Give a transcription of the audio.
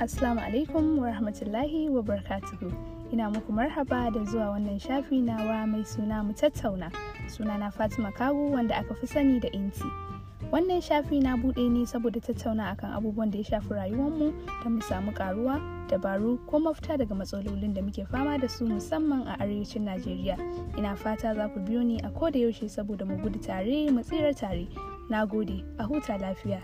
Assalamu alaikum wa rahmatullahi wa barakatuhu. Ina muku marhaba da zuwa wannan shafi nawa mai suna mu tattauna. Sunana Fatima Kawu wanda aka fi sani da Inti. Wannan shafi na buɗe ne saboda tattauna akan abubuwan da ya shafi mu da mu samu karuwa, dabaru ko mafita daga matsalolin da muke fama da su musamman a arewacin Najeriya. Ina fata za ku biyo ni a koda yaushe saboda mu gudu tare mu tsira tare. Na gode, a huta lafiya.